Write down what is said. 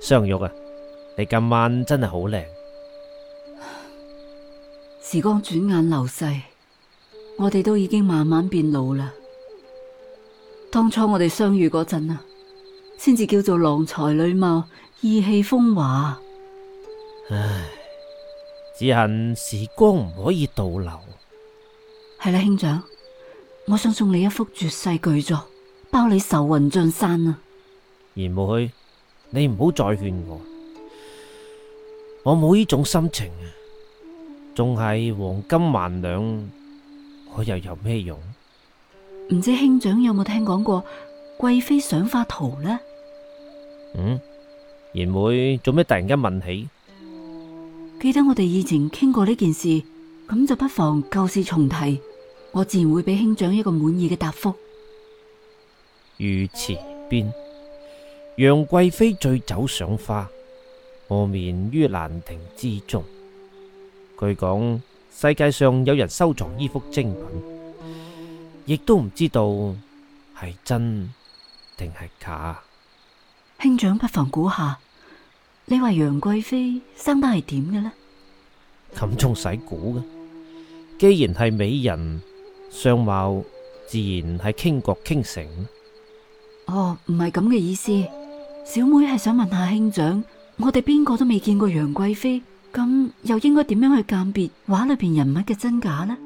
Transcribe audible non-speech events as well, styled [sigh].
湘玉 [laughs] 啊，你今晚真係好靚。時光轉眼流逝，我哋都已經慢慢變老啦。當初我哋相遇嗰陣啊，先至叫做郎才女貌，意氣風華。唉，只恨時光唔可以倒流。係啦，兄長，我想送你一幅絕世巨作，包你愁雲盡散啊！賢妹，你唔好再勸我，我冇呢種心情啊！仲係黃金萬兩，我又有咩用？唔知兄長有冇聽講過貴妃賞花圖呢？嗯，賢妹做咩突然間問起？記得我哋以前傾過呢件事，咁就不妨舊事重提，我自然會俾兄長一個滿意嘅答覆。御池邊。楊貴妃醉酒賞花，臥眠於蘭亭之中。據講，世界上有人收藏呢幅精品，亦都唔知道係真定係假。兄長不妨估下，你話楊貴妃生得係點嘅呢？咁仲使估嘅？既然係美人相貌，自然係傾國傾城。哦，唔係咁嘅意思。小妹係想問下兄長，我哋邊個都未見過楊貴妃，咁又應該點樣去鑒別畫裏邊人物嘅真假呢？